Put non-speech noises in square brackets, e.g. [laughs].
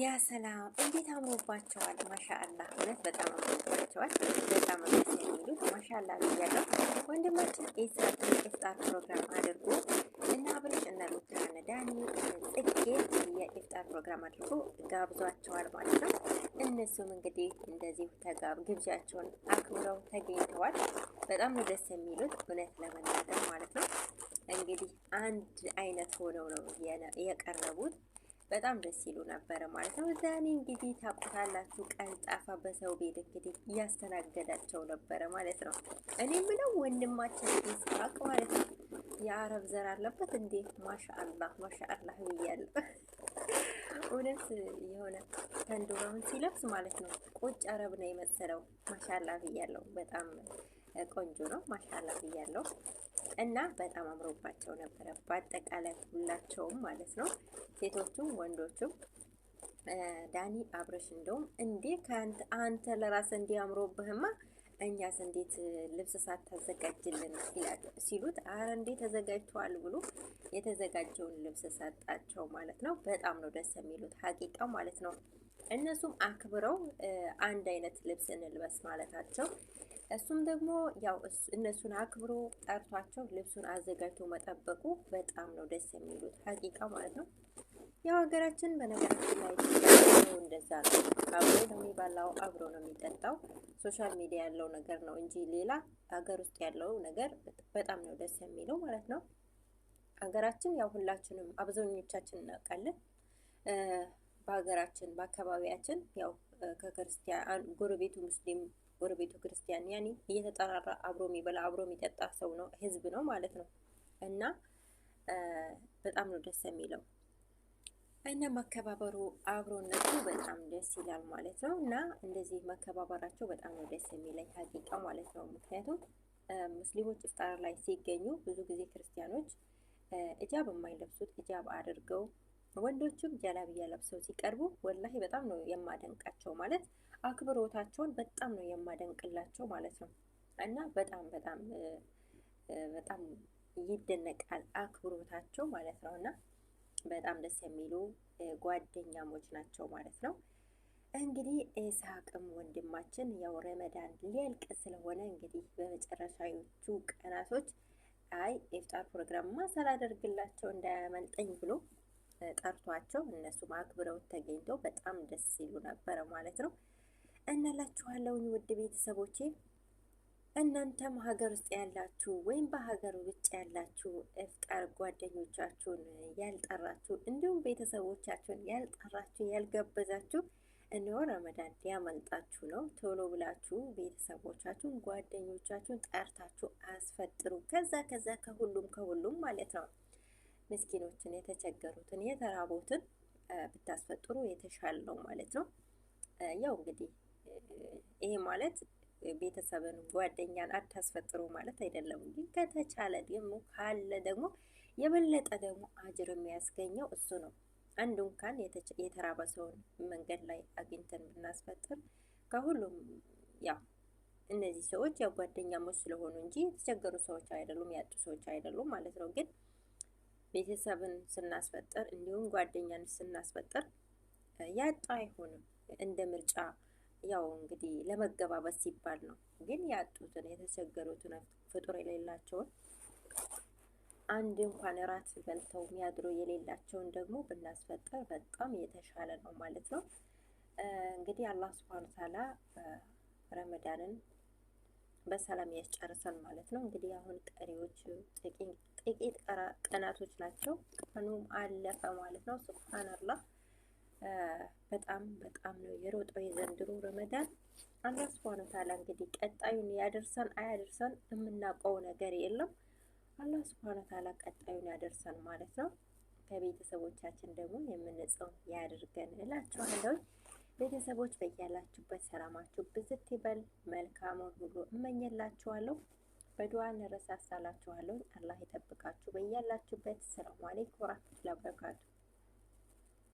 ያ ሰላም እንዴት አምሮባቸዋል! ማሻአላ እውነት በጣም አምሮባቸዋል። በጣም ደስ የሚሉት ማሻአላ ብያለሁ። ወንድማችን ኢሳት የኢፍጣር ፕሮግራም አድርጎ እና አብርሽ እና ሩታን ዳኒ ጽጌ የኢፍጣር ፕሮግራም አድርጎ ጋብዟቸዋል ማለት ነው። እነሱም እንግዲህ እንደዚሁ ተጋብ ግብዣቸውን አክብረው ተገኝተዋል። በጣም ነው ደስ የሚሉት እውነት ለመናገር ማለት ነው። እንግዲህ አንድ አይነት ሆነው ነው የቀረቡት በጣም ደስ ይሉ ነበረ ማለት ነው። ዛኔ እንግዲህ ታቁታላችሁ፣ ቀልጣፋ በሰው ቤት እንግዲህ እያስተናገዳቸው ነበረ ማለት ነው። እኔ ምለው ወንድማችን ይስሐቅ ማለት ነው የአረብ ዘር አለበት እንዴ? ማሻአላህ ማሻአላህ ብያለሁ። [laughs] እውነት የሆነ ተንዶራውን ሲለብስ ማለት ነው ቁጭ አረብ ነው የመሰለው። ማሻላ ብያለሁ። በጣም ቆንጆ ነው። ማሻላ ብያለሁ። እና በጣም አምሮባቸው ነበረ። በአጠቃላይ ሁላቸውም ማለት ነው፣ ሴቶቹም ወንዶቹም። ዳኒ አብረሽ እንደውም እንዴ ከአንተ አንተ ለራስ እንዲያምሮብህማ አምሮብህማ እኛስ እንዴት ልብስ ሳታዘጋጅልን ሲሉት፣ አረ እንዴ ተዘጋጅተዋል ብሎ የተዘጋጀውን ልብስ ሰጣቸው ማለት ነው። በጣም ነው ደስ የሚሉት ሀቂቃው ማለት ነው። እነሱም አክብረው አንድ አይነት ልብስ እንልበስ ማለታቸው እሱም ደግሞ ያው እነሱን አክብሮ ጠርቷቸው ልብሱን አዘጋጅቶ መጠበቁ በጣም ነው ደስ የሚሉት ሀቂቃ ማለት ነው። ያው ሀገራችን በነገራችን ላይ እንደዛ ነው። አብሮ ነው አብሮ ነው የሚጠጣው። ሶሻል ሚዲያ ያለው ነገር ነው እንጂ ሌላ ሀገር ውስጥ ያለው ነገር በጣም ነው ደስ የሚለው ማለት ነው። ሀገራችን ያው ሁላችንም አብዛኞቻችን እናውቃለን። በሀገራችን በአካባቢያችን ያው ከክርስቲያን ጎረቤቱ ሙስሊም ጎረቤቱ ክርስቲያን ያኔ እየተጠራራ አብሮ የሚበላ አብሮ የሚጠጣ ሰው ነው ህዝብ ነው ማለት ነው። እና በጣም ነው ደስ የሚለው እና መከባበሩ አብሮነቱ በጣም ደስ ይላል ማለት ነው። እና እንደዚህ መከባበራቸው በጣም ነው ደስ የሚለኝ ሀቂቃ ማለት ነው። ምክንያቱም ሙስሊሞች ኢፍጣር ላይ ሲገኙ ብዙ ጊዜ ክርስቲያኖች እጃብ የማይለብሱት እጃብ አድርገው ወንዶቹም ጀላቢያ ለብሰው ሲቀርቡ ወላሂ በጣም ነው የማደንቃቸው። ማለት አክብሮታቸውን በጣም ነው የማደንቅላቸው ማለት ነው። እና በጣም በጣም በጣም ይደነቃል አክብሮታቸው ማለት ነው። እና በጣም ደስ የሚሉ ጓደኛሞች ናቸው ማለት ነው። እንግዲህ ኢስሐቅም ወንድማችን ያው ረመዳን ሊያልቅ ስለሆነ እንግዲህ በመጨረሻዎቹ ቀናቶች አይ ኢፍጣር ፕሮግራምማ ሳላደርግላቸው እንዳያመልጠኝ ብሎ ጠርቷቸው እነሱም አክብረው ተገኝተው በጣም ደስ ሲሉ ነበረ ማለት ነው። እናላችኋለሁኝ ውድ ቤተሰቦቼ እናንተም ሀገር ውስጥ ያላችሁ ወይም በሀገር ውጭ ያላችሁ እፍጣር ጓደኞቻችሁን ያልጠራችሁ እንዲሁም ቤተሰቦቻችሁን ያልጠራችሁ ያልጋበዛችሁ እነሆ ረመዳን ሊያመልጣችሁ ነው። ቶሎ ብላችሁ ቤተሰቦቻችሁን ጓደኞቻችሁን ጠርታችሁ አስፈጥሩ። ከዛ ከዛ ከሁሉም ከሁሉም ማለት ነው ምስኪኖችን፣ የተቸገሩትን፣ የተራቦትን ብታስፈጥሩ የተሻለ ነው ማለት ነው። ያው እንግዲህ ይሄ ማለት ቤተሰብን ጓደኛን አታስፈጥሩ ማለት አይደለም። ግን ከተቻለ ደግሞ ካለ ደግሞ የበለጠ ደግሞ አጅር የሚያስገኘው እሱ ነው። አንድ እንኳን የተራበ ሰውን መንገድ ላይ አግኝተን ብናስፈጥር ከሁሉም ያው እነዚህ ሰዎች ያው ጓደኛሞች ስለሆኑ እንጂ የተቸገሩ ሰዎች አይደሉም፣ ያጡ ሰዎች አይደሉም ማለት ነው ግን ቤተሰብን ስናስፈጥር እንዲሁም ጓደኛን ስናስፈጥር ያጣ አይሆንም። እንደ ምርጫ ያው እንግዲህ ለመገባበት ሲባል ነው። ግን ያጡትን የተቸገሩትን ፍጡር የሌላቸውን አንድ እንኳን እራት በልተው የሚያድሩ የሌላቸውን ደግሞ ብናስፈጥር በጣም የተሻለ ነው ማለት ነው። እንግዲህ አላህ ስብሃነ ተዓላ ረመዳንን በሰላም ያስጨርሰን ማለት ነው። እንግዲህ አሁን ቀሪዎች ጥቂት ጥቂት ቀናቶች ናቸው። ቀኑም አለፈ ማለት ነው። ሱብሃንአላህ በጣም በጣም ነው የሮጠው የዘንድሮ ረመዳን። አላህ ሱብሃነ ወተዓላ እንግዲህ ቀጣዩን ያደርሰን አያደርሰን የምናውቀው ነገር የለም። አላህ ሱብሃነ ወተዓላ ቀጣዩን ያደርሰን ማለት ነው። ከቤተሰቦቻችን ደግሞ የምንጸው ያድርገን እላችኋለሁ። ቤተሰቦች በያላችሁበት ሰላማችሁ ብዝት ይበል። መልካሙን ሁሉ እመኝላችኋለሁ። በዱዓ እንረሳሳላችኋለሁ። አላህ ይጠብቃችሁ በያላችሁበት። ሰላም አለይኩም ወራህመቱላሂ ወበረካቱሁ።